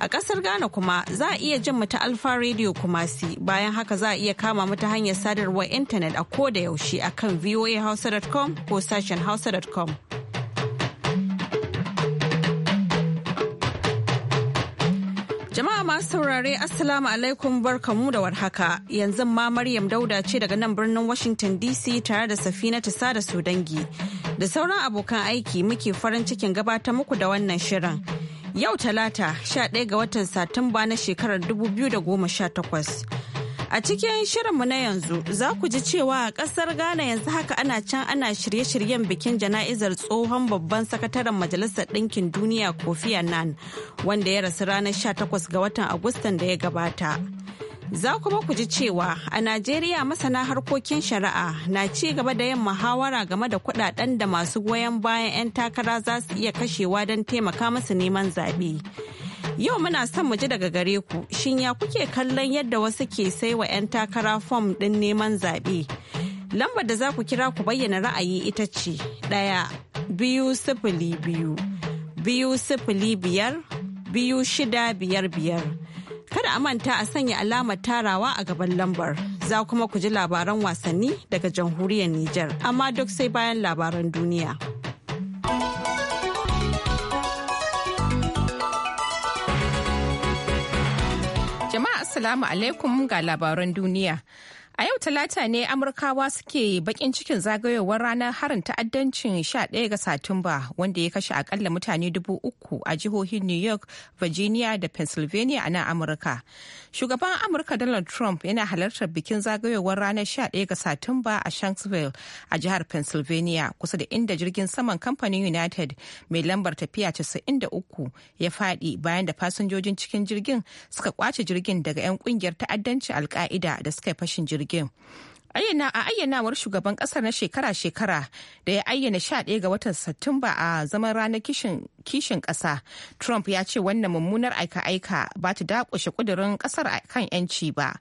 A ƙasar Ghana kuma za a iya jin mu ta Alfa Radio Kumasi bayan haka za a iya kama mu ta hanyar sadarwar intanet a ko da yaushe a kan voahausa.com ko sashen hausa.com. Jama'a masu saurare Assalamu alaikum barkamu da warhaka yanzu ma Maryam Dauda ce daga nan birnin Washington DC tare da safina ta sada su dangi da sauran abokan aiki muke farin cikin gabatar muku da wannan shirin. Yau Talata 11 ga watan Satumba na shekarar 2018. A cikin shirinmu na yanzu za ku ji cewa a ƙasar Ghana yanzu haka ana can ana shirye-shiryen bikin jana'izar tsohon babban sakataren Majalisar Ɗinkin Duniya Kofi Annan wanda ya rasu ranar 18 ga watan Agustan da ya gabata. Za kuma ku ji cewa a Najeriya masana harkokin shari'a na ci gaba da yin muhawara game da kudaden da masu goyon bayan 'yan takara za su iya kashewa don taimaka masu neman zaɓe. Yau muna son mu ji daga gare ku, shin ya kuke kallon yadda wasu ke sai wa 'yan takara fom ɗin neman zaɓe? Lambar da za ku kira ku bayyana ra'ayi ita ce ɗaya biyu sifili biyu, biyu sifili biyar, biyu shida biyar biyar. Kada a manta a sanya alamar tarawa a gaban lambar. Za kuma ku ji labaran wasanni daga jamhuriyar Nijar, amma duk sai bayan labaran duniya. Jama'a Assalamu alaikum ga labaran duniya. A yau talata ne Amurkawa suke bakin cikin zagayowar ranar harin ta'addancin 11 ga Satumba wanda ya kashe akalla mutane dubu uku a jihohin New York, Virginia da Pennsylvania a nan Amurka. Shugaban Amurka Donald Trump yana halartar bikin zagayowar ranar 11 ga Satumba a Shanksville a jihar Pennsylvania kusa da inda jirgin saman kamfanin United mai lambar tafiya 93 ya faɗi bayan da fasinjojin cikin jirgin suka kwace jirgin daga 'yan kungiyar ta'addanci alka'ida da suka fashin jirgin. jirgin. ayyana a ayyanawar shugaban kasar na shekara-shekara da ya ayyana 11 ga watan satumba a zaman ranar kishin kasa trump ya ce wannan mummunar aika-aika ba ta dakushe kudurin kasar kan 'yanci ba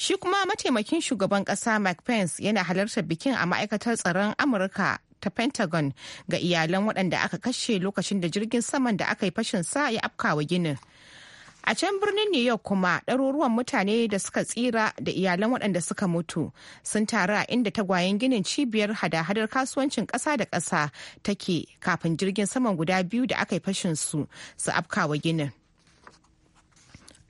shi kuma mataimakin shugaban kasa mike pence yana halartar bikin a ma'aikatar tsaron amurka ta pentagon ga iyalan waɗanda aka kashe lokacin da jirgin saman da aka yi fashin sa ya afkawa ginin A can birnin New York kuma ɗaruruwan mutane da suka tsira da iyalan waɗanda suka mutu sun taru a inda tagwayen ginin cibiyar hada-hadar kasuwancin ƙasa da ƙasa take kafin jirgin saman guda biyu da aka yi fashin su su afkawa ginin.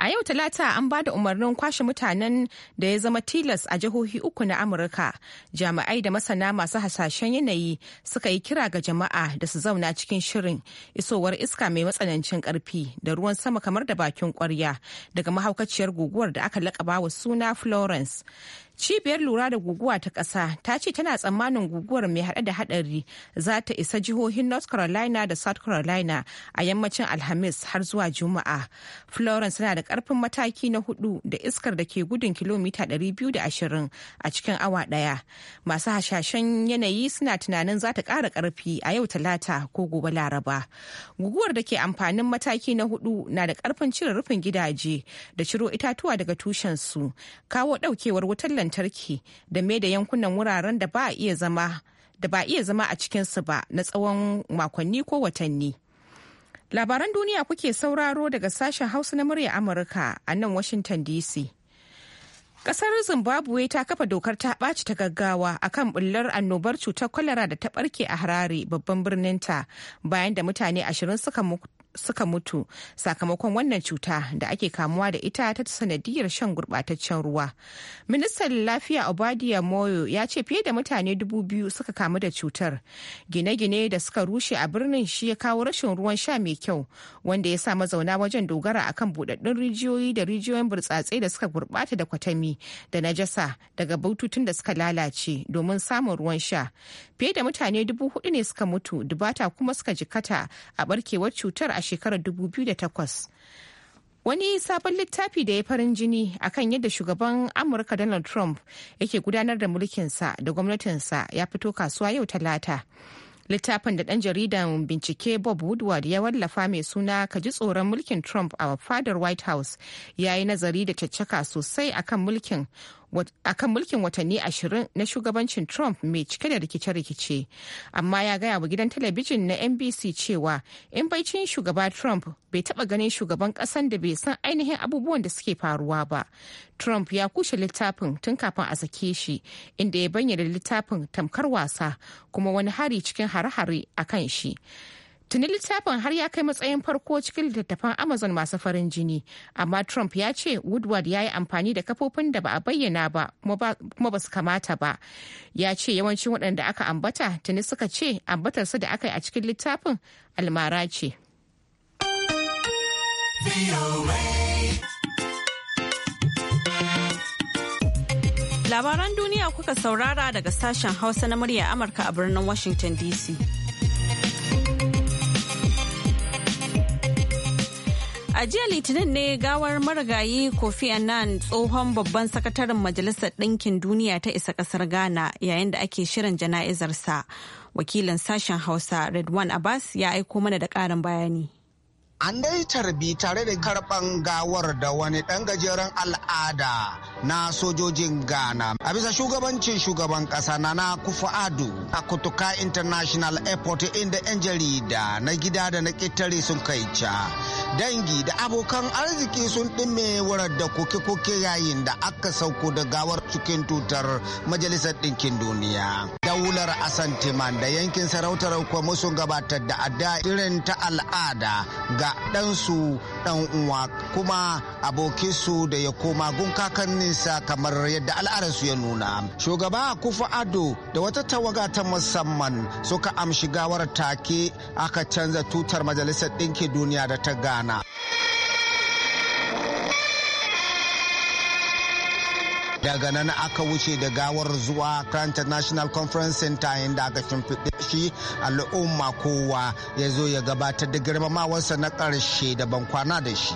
A yau Talata an ba da umarnin kwashe mutanen da ya zama tilas a jihohi uku na Amurka. Jami'ai da masana masu hasashen yanayi suka yi kira ga jama'a da su zauna cikin shirin isowar iska mai matsanancin karfi da ruwan sama kamar da bakin kwarya daga mahaukaciyar guguwar da aka lakaba wa suna Florence. Cibiyar lura da guguwa ta ƙasa ta ce tana tsammanin guguwar mai haɗe da haɗari za ta isa jihohin North Carolina da South Carolina a yammacin Alhamis har zuwa Juma'a. Florence na da ƙarfin mataki na hudu da iskar da ke gudun kilomita 220 a cikin awa ɗaya. Masu hasashen yanayi suna tunanin za ta ƙara ƙarfi a yau Talata ko gobe Laraba. Guguwar da ke amfanin mataki na hudu na da ƙarfin cire rufin gidaje da ciro itatuwa daga tushensu, kawo ɗaukewar wutar lantarki da me da yankunan wuraren da ba a iya zama da ba iya zama a cikinsu ba na tsawon makonni ko watanni. Labaran duniya kuke sauraro daga sashen Hausa na murya Amurka a nan Washington DC. Kasar Zimbabwe ta kafa dokar ta ɓaci ta gaggawa akan bullar annobar cutar kwalara da ta ɓarke a Harare babban birninta bayan da mutane ashirin suka suka mutu sakamakon wannan cuta da ake kamuwa da ita ta sanadiyar shan gurbataccen ruwa. Ministan lafiya Obadiya Moyo ya ce fiye da mutane dubu biyu suka kamu da cutar. Gine-gine da suka rushe a birnin shi ya kawo rashin ruwan sha mai kyau wanda ya sa mazauna wajen dogara akan buɗaɗɗun rijiyoyi da rijiyoyin burtsatse da suka gurbata da kwatami da najasa daga bututun da suka lalace domin samun ruwan sha. Fiye da mutane dubu hudu ne suka mutu dubata kuma suka jikata a barkewar cutar a shekarar 2008 wani sabon littafi da ya farin jini a kan yadda shugaban amurka donald trump yake gudanar da mulkinsa da gwamnatinsa ya fito kasuwa yau talata littafin da ɗan jaridan bincike bob woodward ya wallafa mai suna ka ji tsoron mulkin trump a fadar white house ya yi nazari da caccaka sosai akan mulkin akan mulkin watanni ashirin na shugabancin trump mai cike da rikice-rikice amma ya gaya wa gidan talabijin na nbc cewa in baicin shugaba trump bai taba ganin shugaban kasan da bai san ainihin abubuwan da suke faruwa ba trump ya kushe littafin tun kafin a sake shi inda ya bayyana littafin tamkar wasa kuma wani hari cikin hare-hare a kan shi Tuni littafin har ya kai matsayin farko cikin littattafan Amazon masu farin jini, amma Trump ya ce Woodward ya yi amfani da kafofin da ba a bayyana ba kuma ba su kamata ba. Ya ce yawancin waɗanda aka ambata tuni suka ce ambatarsu da aka yi a cikin littafin almara ce. Labaran duniya kuka saurara daga sashen Hausa na murya Amurka a birnin Washington DC. A jiya Litinin ne gawar marigayi Kofi Annan tsohon babban sakataren Majalisar Ɗinkin Duniya ta isa ƙasar Ghana yayin da ake shirin jana'izarsa. Wakilin sashen Hausa Redwan Abbas ya aiko mana da ƙarin bayani. An dai tarbi tare da karɓan gawar da wani ɗan gajeren al'ada na sojojin Ghana a bisa shugabancin shugaban ƙasa na kufa ado a Kutuka International Airport inda 'yan jarida na gida da na ƙetare sun kai ca. dangi da abokan arziki sun ɗume wurar da koke-koke yayin da aka sauko da gawar cikin tutar majalisar ɗinkin duniya daular asantiman da yankin sarautar kwamo sun gabatar da adda irin ta al'ada ga ɗansu ɗan uwa kuma abokinsu da ya koma kan kamar yadda al'adarsu ya nuna shugaba kufa ado da wata tawaga ta musamman suka amshi gawar take aka canza tutar majalisar ɗinkin duniya da ta gana. daga nan aka wuce da gawar zuwa Kranta National Conference Center inda aka shimfiɗe shi al'umma kowa ya zo ya gabatar da girmamawarsa na ƙarshe da ban kwana da shi.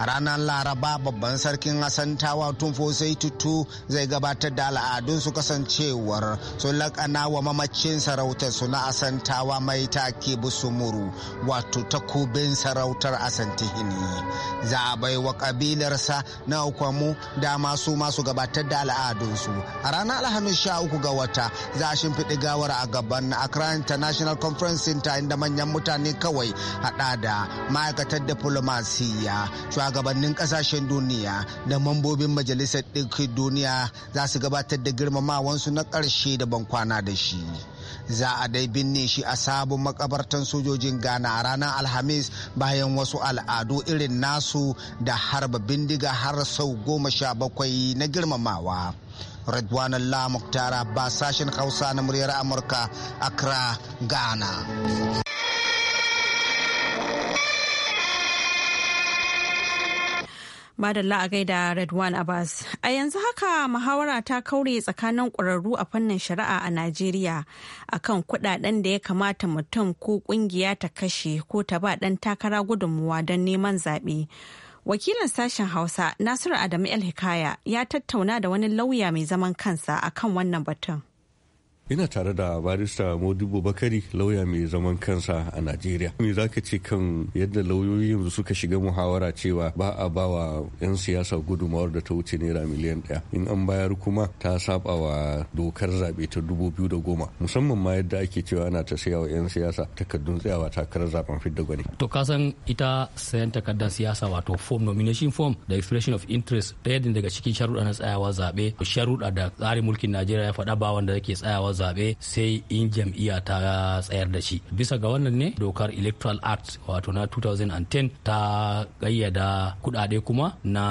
a ranar laraba babban sarkin asantawa tunfo sai tutu zai gabatar da al'adun su kasancewar sun lakana wa mamacin sarautar su na asantawa mai take busumuru wato takubin sarautar asantihini za a bai wa kabilarsa na ukwamu dama su masu gabatar da al'adunsu a ranar alhamis sha uku ga wata za a shimfiɗi gawar a gaban accra international conference center inda manyan mutane kawai hada da ma'aikatar diplomasiya shugabannin kasashen duniya da mambobin majalisar ɗinkin duniya za su gabatar da girmamawansu na ƙarshe da ban kwana da shi za a dai binne shi a sabon makabartan sojojin ghana a ranar alhamis bayan wasu al'adu irin nasu da harba bindiga har sau goma sha bakwai na girmamawa redwan lamuktara ba sashen hausa na muryar amurka accra ghana Madalla a gaida Redwan Abbas. A yanzu haka muhawara ta kaure tsakanin ƙwararru a fannin shari'a a Najeriya a kan kuɗaɗen da ya kamata mutum ko ƙungiya ta kashe ko ta ba ɗan takara gudunmuwa don neman zaɓe. Wakilin sashen Hausa Nasiru Adamu El Hikaya ya tattauna da wani lauya mai zaman kansa a kan wannan batun. ina tare da barista modibo bakari lauya mai zaman kansa a najeriya me zaka ka ce kan yadda lauyoyin suka shiga muhawara cewa ba a bawa 'yan siyasa gudumawar da ta wuce naira miliyan daya in an bayar kuma ta saba wa dokar zabe ta dubu biyu da goma musamman ma yadda ake cewa ana ta sayawa 'yan siyasa takardun tsayawa takarar zaben fidda gwani to ka san ita sayan takardar siyasa wato form nomination form da expression of interest ta yadda daga cikin sharuɗa na tsayawa zabe sharuɗa da tsarin mulkin najeriya ya faɗa ba wanda yake tsayawa zaɓe sai in jam'iyya ta tsayar da shi bisa ga wannan ne dokar electoral act wato na 2010 ta ƙayyada kuɗaɗe kuma na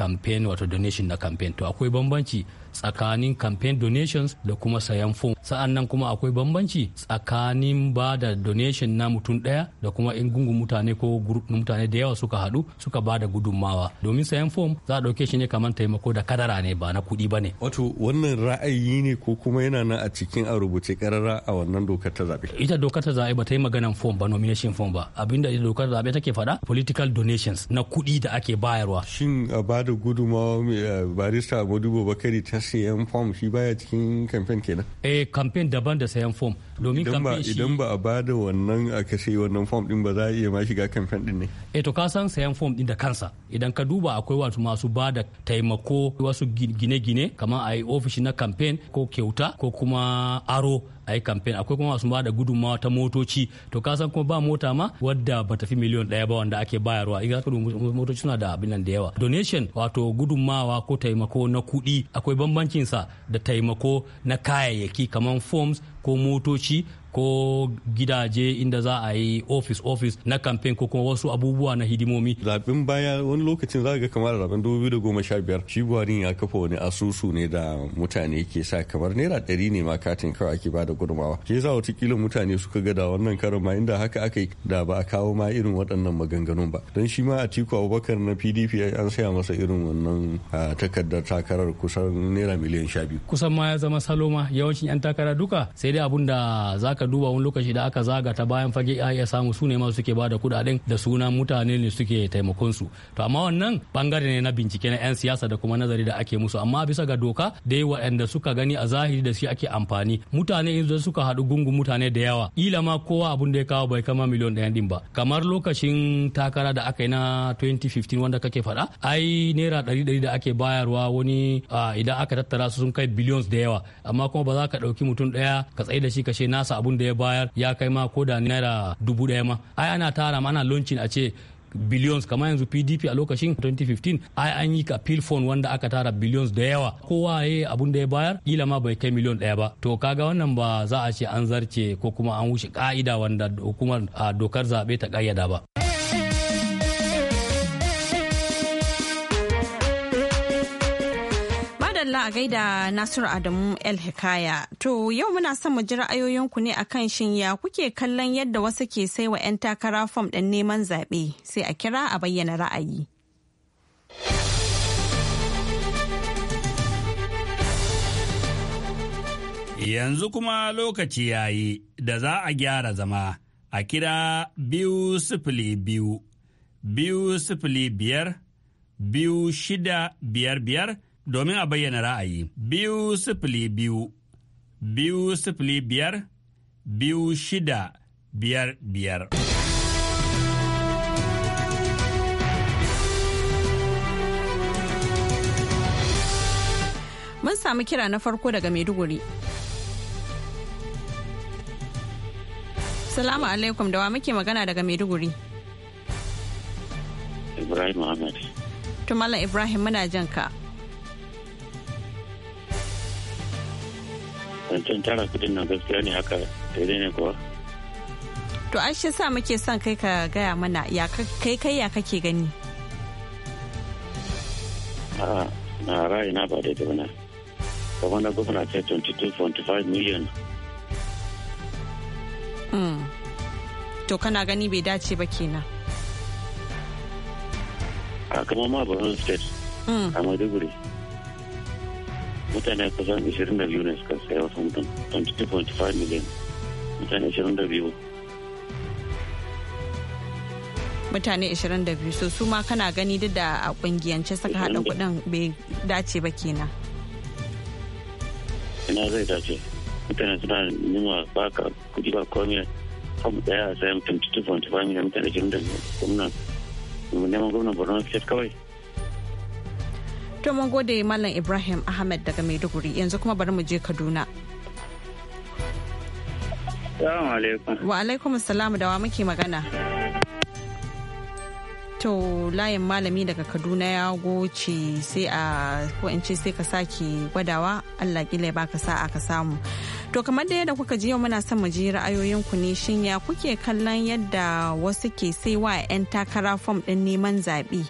campaign wato donation na campaign to akwai bambanci tsakanin campaign donations da kuma sayan fom sa'an nan kuma akwai bambanci tsakanin ba da donation na mutum daya. da kuma in gungun mutane ko group na mutane da yawa suka haɗu suka ba da gudunmawa domin sayan fom za a dauke shi ne kamar taimako da kadara ne ba na kuɗi ba ne. wato wannan ra'ayi ne ko kuma yana nan a cikin a rubuce karara a wannan dokar ta zaɓe. ita dokar ta zaɓe ba ta yi maganan fom ba nomination fom ba abinda ita dokar zabe take faɗa political donations na kuɗi da ake bayarwa. shin a ba da gudunmawa eh, barista modibo bakari ta sayan fom shi baya cikin kamfen kenan eh kamfen daban da sayan fom domin kamfen shi idan ba a bada wannan a kashe wannan fom din ba za a iya ma shiga kamfen din ne eh to ka san sayan fom din da kansa idan ka duba akwai wato masu bada taimako wasu gine-gine kamar a yi ofishi na kamfen ko kyauta ko kuma aro a yi kamfen akwai kuma masu bada gudunmawa ta motoci to kasan kuma ba mota ma wadda ba tafi miliyon ɗaya ba wanda ake bayarwa iga motoci suna da abin nan da yawa donation wato gudunmawa ko taimako na kuɗi akwai bambancin sa da taimako na kayayyaki kamar forms ko motoci ko gidaje inda za a yi ofis ofis na kamfen ko kuma wasu abubuwa na hidimomi zaben baya wani lokacin za ga kamar zaben 2015 shi buhari ya kafa wani asusu ne da mutane ke sa kamar naira ɗari ne ma katin kawai ake bada gudumawa ke za watakila mutane suka ga da wannan karin ma inda haka aka yi da ba a kawo ma irin waɗannan maganganun ba don shi ma a tiku abubakar na pdp an saya masa irin wannan takardar takarar kusan naira miliyan sha biyu kusan ma ya zama saloma yawancin yan takara duka sai dai abun da ka. aka duba wani lokaci da aka zaga ta bayan fage a iya samu su ne ma suke bada kudaden da suna mutane ne suke taimakon su to amma wannan bangare ne na bincike na yan siyasa da kuma nazari da ake musu amma bisa ga doka dai waɗanda suka gani a zahiri da shi ake amfani mutane in suka haɗu gungun mutane da yawa kila ma kowa abun da ya kawo bai kama miliyon ɗaya din ba kamar lokacin takara da aka yi na 2015 wanda kake faɗa ai naira ɗari ɗari da ake bayarwa wani idan aka tattara su sun kai biliyons da yawa amma kuma ba za ka ɗauki mutum ɗaya ka tsaye da shi ka ce nasa abun abun da ya bayar ya kai ma ko da naira dubu daya ma ai ana tara ma ana launching a ce billions kamar yanzu pdp a lokacin 2015 ai an yi appeal phone wanda aka tara billions da yawa kowa ya abun da ya bayar kila ma bai kai miliyon daya ba to kaga wannan ba za a ce an zarce ko kuma an wuce ka'ida wanda hukumar dokar zaɓe ta ƙayyada ba. a gaida Nasiru Adamu El Hikaya. To yau muna son mu ji ra'ayoyinku ne akan shin ya kuke kallon yadda wasu ke sai wa 'yan takara fom ɗin neman zaɓe sai a kira a bayyana ra'ayi. Yanzu kuma lokaci yayi da za a gyara zama a kira biyu sifili biyu, biyu sifili biyar, biyu shida biyar biyar domin a bayyana ra'ayi biyu sifili biyu biyu sifili biyar biyu shida biyar biyar. Mun sami kira na farko daga Maiduguri. Salamu alaikum da wa muke magana daga Maiduguri. Ibrahim Ahmed. Tumala Ibrahim muna jan ka. zancen tara kudin nan gaskiya ne haka daidai ne kuwa to an shi sa muke son kai ka gaya mana ya kai kai ya kake gani a na na ba daidai ba na kamar na gwamna ce 22.5 million hmm. to kana gani bai dace ba kenan a kama ma borno state hmm. a maiduguri mutane kusan 22 ne suka saya wasu mutum 22.5 miliyan mutane 22 mutane 22 so su ma kana gani duk da a kungiyance saka hada kudin bai dace ba kenan ina zai dace mutane suna nima baka kudi ba komai abu daya a sayan 22.5 miliyan mutane 22 gwamnan neman gwamnan borno state kawai To mun gode Mallam Ibrahim Ahmed daga Maiduguri yanzu kuma bari mu je Kaduna. Wa alaikum salamu da wa muke magana. To layin malami daga Kaduna ya goce sai a ko in ce sai ka sake gwadawa Allah kila ya baka sa'a ka samu. To kamar da yadda kuka ji yau muna son mu ji ku ne shin ya kuke kallon yadda wasu ke sai wa 'yan takara fom ɗin neman zaɓe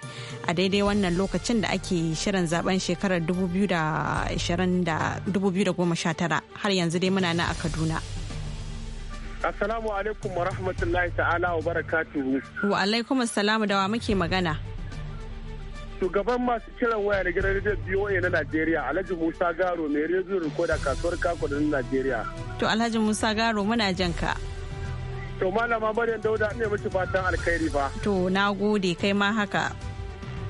a daidai wannan lokacin da ake shirin zaben shekarar 2019 har yanzu dai muna na a Kaduna. Assalamu alaikum wa rahmatullahi ta'ala wa barakatuhu. Wa alaikum assalamu da wa muke magana. shugaban masu kiran waya da gidan rediyon BOA na Najeriya Alhaji Musa Garo mai rediyon rikoda kasuwar kako na Najeriya. To Alhaji Musa Garo muna jan ka. To malama Maryam Dauda ne mace fatan alkhairi ba. To na gode kai ma haka.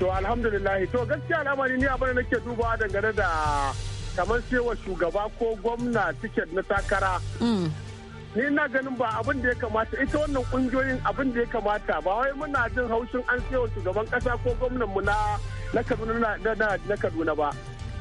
To alhamdulillah to gaskiya al'amari ni abin da nake duba dangane da kamar cewa shugaba ko gwamna tiket na takara mm. ni na ganin ba abin da ya kamata ita wannan kungiyoyin abin da ya kamata ba wai muna jin haushin an sayo shugaban kasa ko gwamnan mu na Kaduna ba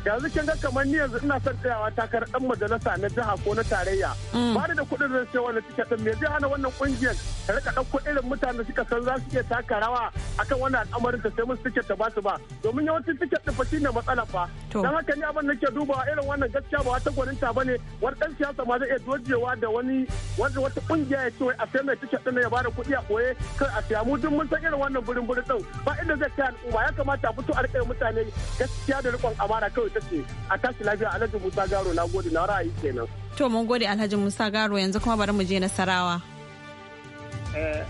yanzu kin ga kamar ni yanzu ina son tsayawa takarar dan majalisa na jiha ko na tarayya mm. ba da kuɗin da sai wani tiket me zai hana wannan kungiyar ta rika ɗauko irin mutane suka san za su iya taka rawa akan wannan al'amarin ta sai musu tiket ta ba su ba domin yawancin tiket din fa shine matsala fa dan haka ni abin nake dubawa irin wannan gaskiya ba wata gwaninta ne wani dan siyasa ma zai iya dojewa da wani wanda wata kungiya ya ce wai a sai mai tiket din ya bada kuɗi a koye kar a siya mu duk mun san irin wannan burin burin din ba inda zai kai al'umma ya kamata a fito a rika mutane gaskiya da riƙon amana kawai ita ce a tashi lafiya Alhaji Musa Garo na gode na ra'ayi kenan. To mun gode Alhaji Musa Garo yanzu kuma bari mu je Nasarawa. Eh,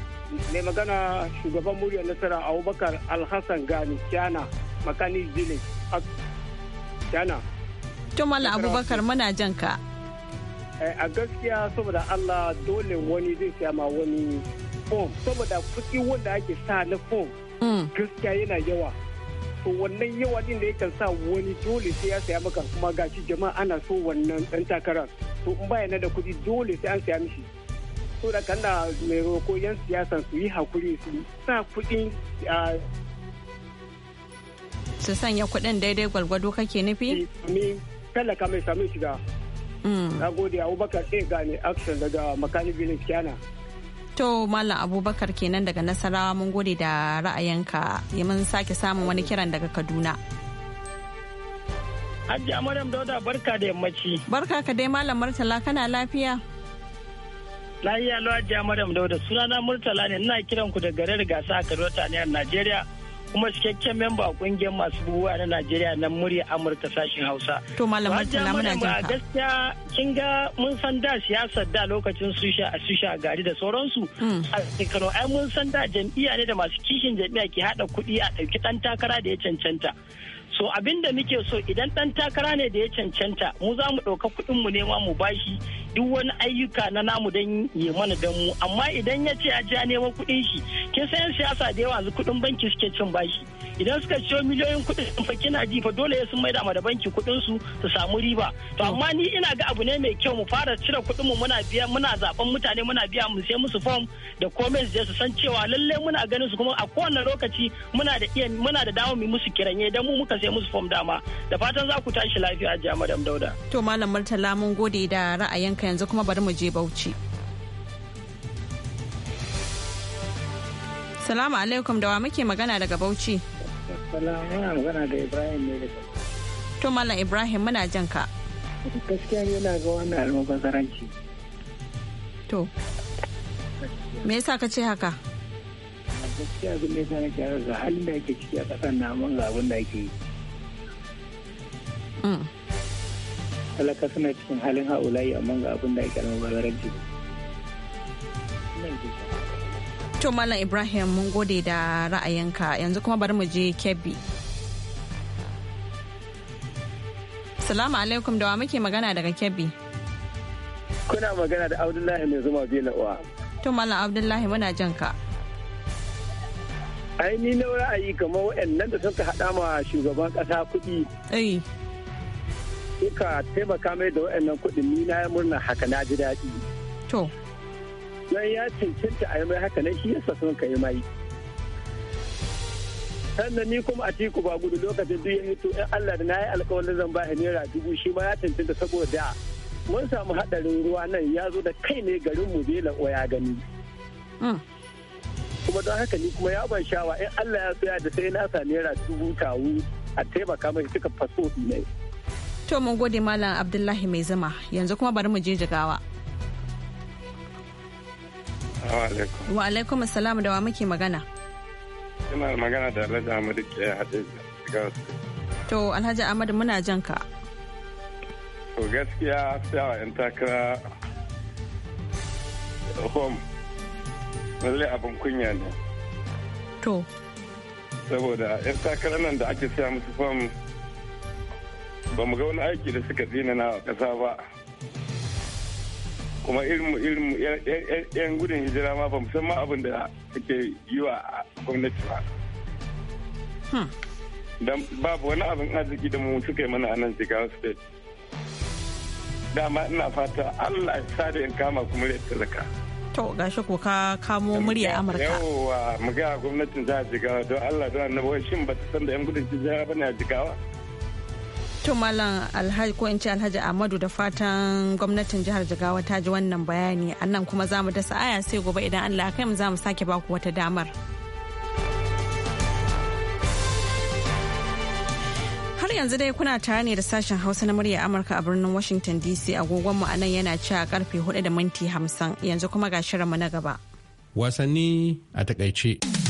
mai magana shugaban muryar nasara Abubakar Alhassan Gani kyana Makani Zile kyana To Mala Abubakar muna jan ka. Eh, a gaskiya saboda Allah dole wani zai siya ma wani fom saboda kuɗi wanda ake sa na fom hmm. gaskiya yana yawa. to wannan yawa din da yakan sa wani dole sai ya saya maka kuma gashi jama'a ana so wannan dan takarar to in bayana da kuɗi dole sai an saya mishi so da da mai roko yan siyasan su yi hakuri su sa kuɗi su sanya kuɗin daidai gwalgwado kake nufi? Eh, Ni talaka mai samun shiga. Mm. Na gode Abubakar sai gane action daga Makani Village Kyana. To Malam Abubakar kenan daga Nasarawa mun gode da ra'ayinka ya mun sake samun wani kiran daga Kaduna. Hajji Amaryam Dauda barka da yammaci. Barka ka dai Malam Murtala kana lafiya? Lafiya lo Hajji Amaryam Dauda sunana Murtala ne ina kiran ku da garin gasa a Kaduna Najeriya. kuma cikakken memba a kungiyar masu buguwa na Najeriya na murya Amurka sashen Hausa. To malam Murtala muna jin Gaskiya kin ga mun san da siyasar da lokacin sha a su sha gari da sauransu. Hmm. A Kano ai mun san da jam'iyya ne da masu kishin jami'a ke hada kuɗi a ɗauki ɗan takara da ya cancanta. so abin da muke so idan ɗan takara ne da ya cancanta mu za mu ɗauka kuɗin mu nema mu bashi duk wani ayyuka na namu dan yi mana dan mu amma idan ya ce a ji neman kuɗin shi kin san siyasa da yawa yanzu kuɗin banki suke cin bashi idan suka ciyo miliyoyin kuɗin fa kina ji fa dole sun maida ma da banki kuɗin su su samu riba to amma ni ina ga abu ne mai kyau mu fara cire kuɗin mu muna biya muna zaben mutane muna biya mu sai musu form da comments da su san cewa lalle muna ganin su kuma a kowane lokaci muna da iya muna da dawo mu musu kiranye dan mu muka sai musu fom dama da fatan za ku tashi lafiya jiya madam dauda to malam murtala mun gode da ra'ayinka yanzu kuma bari mu je bauchi Salamu alaikum da wa muke magana daga Bauchi. Salamu muna magana da Ibrahim ne To Malam Ibrahim muna jan ka. Gaskiya ne na ga wannan almubazaranci. To. Me yasa ka ce haka? Gaskiya abin da na kyara ga halin da ake ciki a ƙasar namun ga abin da ake yi. talaka suna cikin halin haulayi amma ga abin da ake jiki to malam ibrahim mun gode da ra'ayinka yanzu kuma bari mu je kebbi salamu alaikum da wa muke magana daga kebbi kuna magana da abdullahi mai zuma biyu na uwa to malam abdullahi muna jan ka ai ni na ra'ayi kamar waɗannan da suka haɗa ma shugaban ƙasa kuɗi kuka taimaka mai da waɗannan kuɗin ni na murna haka na ji daɗi. To. Don ya cancanta a yi mai haka na shi ya sun kai mai. sannan ni kuma a tiku ba gudu lokacin duk ya hito in Allah da na yi alkawalin zan ba naira dubu shi ma ya cancanta saboda mun samu haɗarin ruwa nan ya zo da kai ne garin mu bela oya gani. Mm. Kuma don haka ni kuma ya ban shawa in Allah ya tsaya da sai na sa naira dubu kawu a taimaka mai suka faso ne. To mun gode Malam Abdullahi mai zama yanzu kuma bari mu je jigawa. Wa alaikum assalam da wa muke magana. Ina magana da Alhaji Ahmadu ke haɗe To Alhaji Ahmadu muna jan ka. To gaskiya sayawa 'yan takara home lallai abin kunya ne. To. Saboda 'yan takara nan da ake siya musu home ba mu ga wani aiki da suka dina na kasa ba kuma ilmu-ilmu yan gudun hijira ma ba musamman abin da suke yi wa gwamnati ba hmm. dan babu wani abin arziki da mu suka yi mana a nan jigawa state dama ina fata allah ya sa da in kama kuma da ta zaka to gashi ko ka kamo murya amurka yawwa mu ga gwamnatin za a jigawa don allah don annabawa shin ba ta san da yan gudun hijira ba ne a jigawa To Malam Alhaji ko in ce Alhaji Ahmadu da fatan gwamnatin jihar Jigawa ta ji wannan bayani a nan kuma za mu dasa aya sai gobe idan Allah kai mu za mu sake baku wata damar. Har yanzu dai kuna tare ne da sashen Hausa na murya Amurka a birnin Washington DC agogon mu anan yana ci a karfe 4 da minti 50 yanzu kuma ga shirinmu na gaba. Wasanni a takaice.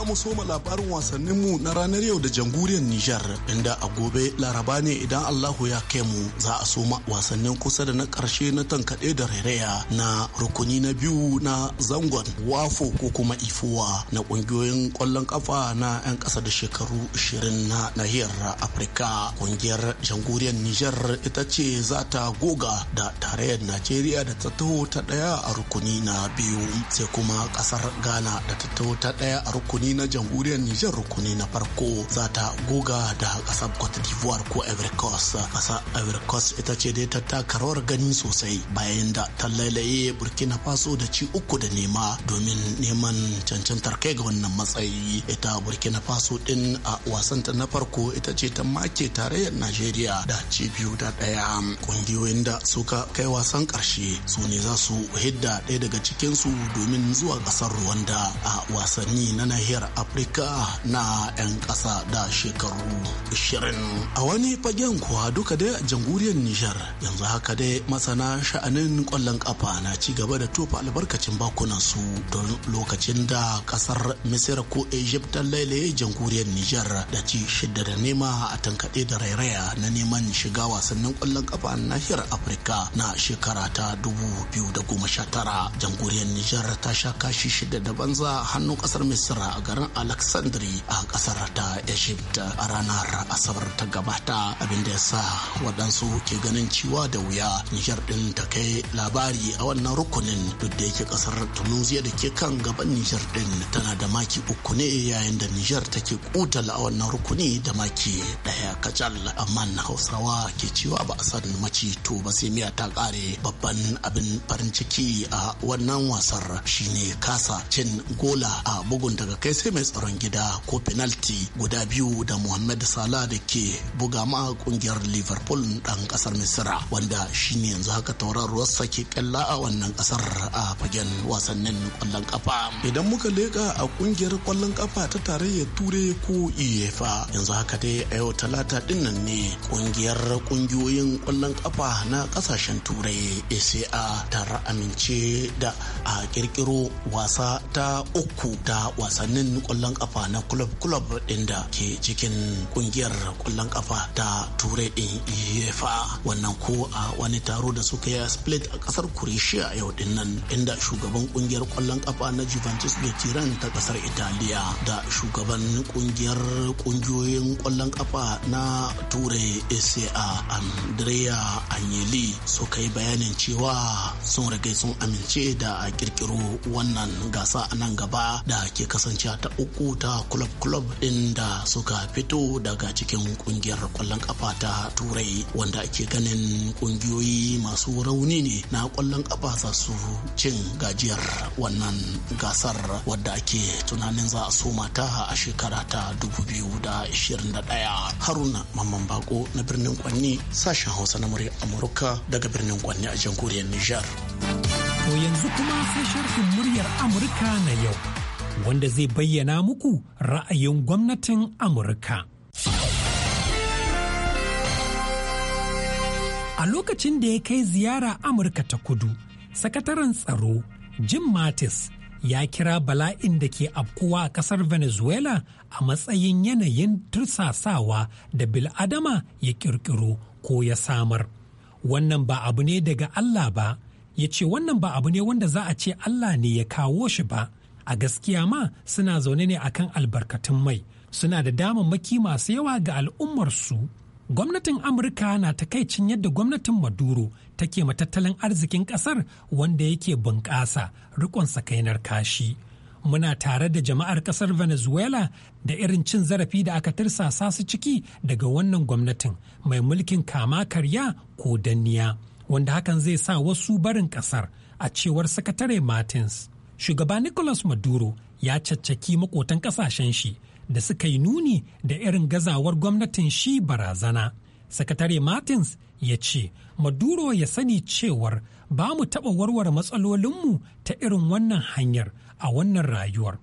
za mu soma labarin wasanninmu na ranar yau da jamhuriyar Nijar inda a gobe laraba ne idan Allahu ya kai mu za a soma wasannin kusa da na ƙarshe na tankaɗe da rairaya na rukuni na biyu na zangon wafo ko kuma ifowa na ƙungiyoyin ƙwallon ƙafa na 'yan ƙasa da shekaru 20 na nahiyar Afirka. Ƙungiyar jamhuriyar Nijar ita ce za ta goga da tarayyar Najeriya da ta taho ta ɗaya a rukuni na biyu sai kuma ƙasar Ghana da ta taho ta ɗaya a rukuni na jamhuriyar Nijar rukuni na farko za ta goga da kasar Cote d'Ivoire ko Ivory Coast. Kasar Ivory Coast ita ce dai ta taka rawar gani sosai bayan da ta lailaye Burkina Faso da ci uku da nema domin neman cancantar kai ga wannan matsayi. Ita Burkina Faso din a wasanta na farko ita ce ta make tarayyar Najeriya da ci biyu da ɗaya. Kungiyoyin da suka kai wasan ƙarshe su ne za su hidda ɗaya daga cikinsu domin zuwa ƙasar Rwanda a wasanni na nahiyar nahiyar afirka na 'yan ƙasa da shekaru 20 a wani fagen kuwa duka dai jamhuriyar nijar yanzu haka dai masana sha'anin kwallon kafa na ci gaba da tofa albarkacin bakunansu don lokacin da kasar misir ko egypt ta lailaye jamhuriyar nijar da ci shidda da nema a tankaɗe da rairaya na neman shiga wasannin kwallon kafa nahiyar afirka na shekara ta 2019 jamhuriyar nijar ta sha kashi shida da banza hannun kasar misira a garin alexandri a kasar ta egypt a ranar asabar ta gabata abinda ya sa waɗansu ke ganin ciwa da wuya nijar ɗin ta kai labari a wannan rukunin duk da yake kasar tunisia da ke kan gaban nijar ɗin tana da maki uku ne yayin da nijar take kutal a wannan rukuni da maki ɗaya kacal amma hausawa ke cewa ba a san maci to ba sai miya ta ƙare babban abin farin ciki a wannan wasar shine kasa cin gola a bugun daga kai sai mai tsaron gida ko penalti guda biyu da Mohamed Salah da ke buga ma kungiyar Liverpool dan kasar Misira wanda shine yanzu haka tauraruwarsa ke kalla a wannan kasar a fagen wasannin kwallon kafa. Idan muka leka a kungiyar kwallon kafa ta tarayyar ture ko UEFA yanzu haka dai a yau talata dinnan ne kungiyar kungiyoyin kwallon kafa na kasashen Turai ACA ta amince da a kirkiro wasa ta uku ta wasannin filin kwallon kafa na club club din da ke cikin kungiyar kwallon kafa ta turai din uefa wannan ko a wani taro da suka yi split a kasar croatia yau din nan inda shugaban kungiyar kwallon kafa na juventus da tiran ta kasar italiya da shugaban kungiyar kungiyoyin kwallon kafa na turai sa andrea anyeli suka yi bayanin cewa sun rage sun amince da kirkiro wannan gasa a nan gaba da ke kasancewa ta uku ta club club din da suka fito daga cikin kungiyar kwallon kafa ta turai wanda ake ganin kungiyoyi masu rauni ne na kwallon kafa za su cin gajiyar wannan gasar wadda ake tunanin za a soma ta a shekara ta 2021 haruna mamman bako na birnin kwanni sashen hausa na murya amurka daga birnin kwanni a jamhuriyar nijar to yanzu kuma muryar amurka na yau wanda zai bayyana muku ra'ayin gwamnatin Amurka. A lokacin da ya kai ziyara Amurka ta kudu, sakataren tsaro Jim Mattis ya kira bala'in da ke afkuwa a ƙasar Venezuela a matsayin yanayin tursasawa da bil'adama ya kirkiro ko ya samar. Wannan ba abu ne daga Allah ba, ya ce wannan ba abu ne wanda za a ce Allah ne ya kawo shi ba. a gaskiya ma suna zaune ne akan albarkatun mai suna da damammaki masu yawa ga al'ummarsu gwamnatin amurka na takaicin yadda gwamnatin maduro take matattalin arzikin kasar wanda yake bunƙasa rikon sakainar kashi muna tare da jama'ar kasar venezuela da irin cin zarafi da aka tirsasa su ciki daga wannan gwamnatin mai mulkin kama karya ko danniya wanda hakan zai sa wasu barin kasar a cewar sakatare martins shugaba nicolas maduro ya caccaki makotan kasashen shi da suka yi nuni da irin gazawar gwamnatin shi barazana sakatare martins ya ce maduro ya sani cewar ba mu taɓa warware matsalolinmu ta irin wannan hanyar a wannan rayuwar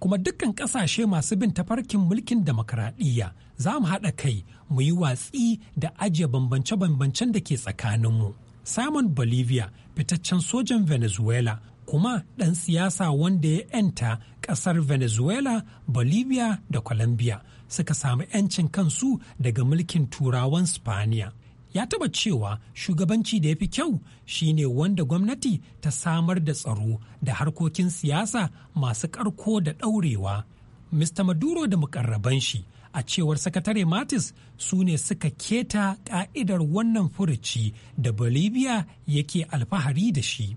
kuma dukkan ƙasashe masu bin tafarkin mulkin demokradiyya za mu haɗa kai mu yi watsi da ajiye bambance-bambancen da ke tsakaninmu simon bolivia fitaccen sojan venezuela kuma ɗan siyasa wanda ya 'yanta ƙasar venezuela bolivia da colombia suka samu 'yancin kansu daga mulkin turawan spaniya ya taba cewa shugabanci da ya fi kyau shine wanda gwamnati ta samar da tsaro da harkokin siyasa masu karko da ɗaurewa. Mr. Maduro da mukarraban shi a cewar sakatare Matis su ne suka keta ƙa'idar wannan furuci da Bolivia yake alfahari da shi.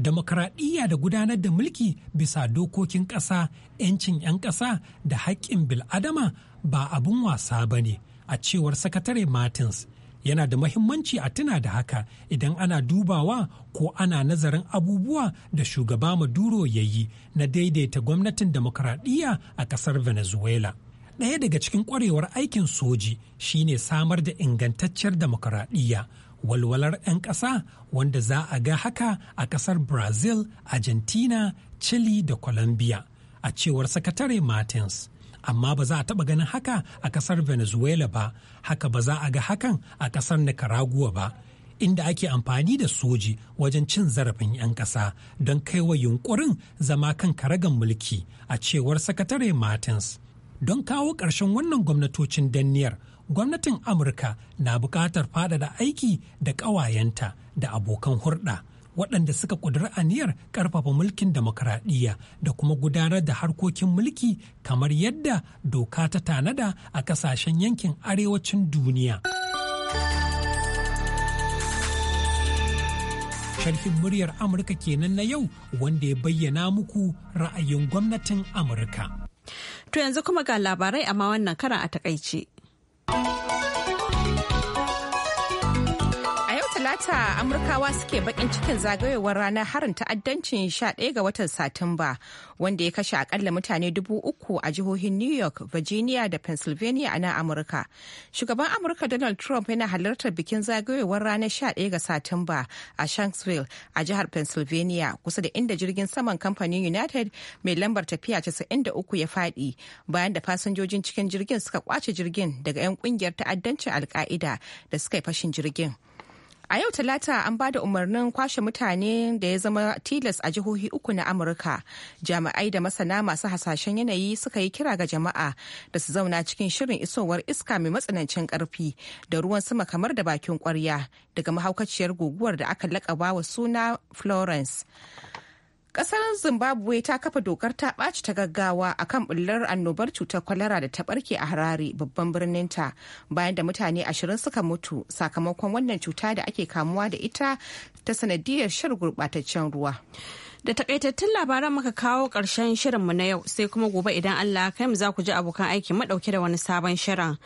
demokradiyya da gudanar da mulki bisa dokokin ƙasa 'yancin 'yan ƙasa da haƙƙin bil'adama ba abun wasa ba ne a cewar sakatare martins yana da mahimmanci a tuna da haka idan ana dubawa ko ana nazarin abubuwa da shugaba maduro ya yi na daidaita gwamnatin demokradiyya a ƙasar venezuela ɗaya daga cikin ƙwarewar aikin soji shine samar da ingantacciyar demokradiyya walwalar 'yan ƙasa wanda za a ga haka a ƙasar brazil argentina chile da colombia a cewar sakatare martins amma ba za a taɓa ganin haka a ƙasar venezuela ba haka ba za a ga hakan a ƙasar nicaragua ba inda ake amfani da soji wajen cin zarafin 'yan ƙasa don kaiwa yunkurin zama kan karagan mulki a cewar sakatare martins don kawo ƙarshen wannan gwamnatocin danniyar gwamnatin Amurka na buƙatar faɗaɗa aiki da ƙawayenta da abokan hurɗa waɗanda suka ƙudiri aniyar ƙarfafa mulkin demokuraɗiyya da kuma gudanar da harkokin mulki kamar yadda doka ta tanada a ƙasashen yankin arewacin duniya. Sharhin muryar Amurka kenan na yau wanda ya bayyana muku ra'ayin gwamnatin Amurka. To yanzu kuma ga labarai amma wannan karan a takaice. Thank you. talata amurkawa suke bakin cikin zagayowar ranar harin ta'addancin 11 ga watan satumba wanda ya kashe akalla mutane dubu uku a jihohin new york virginia da pennsylvania a nan amurka shugaban amurka donald trump yana halartar bikin zagayowar ranar 11 ga satumba a shanksville a jihar pennsylvania kusa da inda jirgin saman kamfanin united mai lambar tafiya 93 ya faɗi bayan da fasinjojin cikin jirgin suka kwace jirgin daga 'yan kungiyar ta'addancin alka'ida da suka yi fashin jirgin A yau Talata an ba da umarnin kwashe mutane da ya zama tilas a jihohi uku na Amurka. Jami'ai da masana masu hasashen yanayi suka yi kira ga jama'a da su zauna cikin shirin isowar iska mai matsanancin karfi da ruwan sama kamar da bakin kwarya daga mahaukaciyar guguwar da aka lakaba wa suna Florence. Kasar Zimbabwe ta kafa dokar ta ɓaci ta gaggawa a kan ɓullar annobar cutar kwalara da ta ɓarke a Harare babban birninta bayan da mutane ashirin suka mutu sakamakon wannan cuta da ake kamuwa da ita ta sanadiyar shar gurɓataccen ruwa. Da takaitattun labaran muka kawo ƙarshen shirinmu na yau sai kuma gobe idan Allah kai mu za ku ji abokan aiki madauke da wani sabon shirin.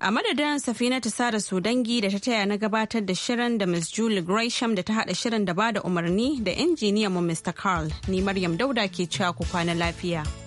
A madadin safina ta sada su dangi da ta taya na gabatar da shirin da Ms. Julie Gresham da ta haɗa shirin da ba da umarni da injiniyan mu Mr. Carl ni Maryam Dauda ke cewa ku kwana lafiya.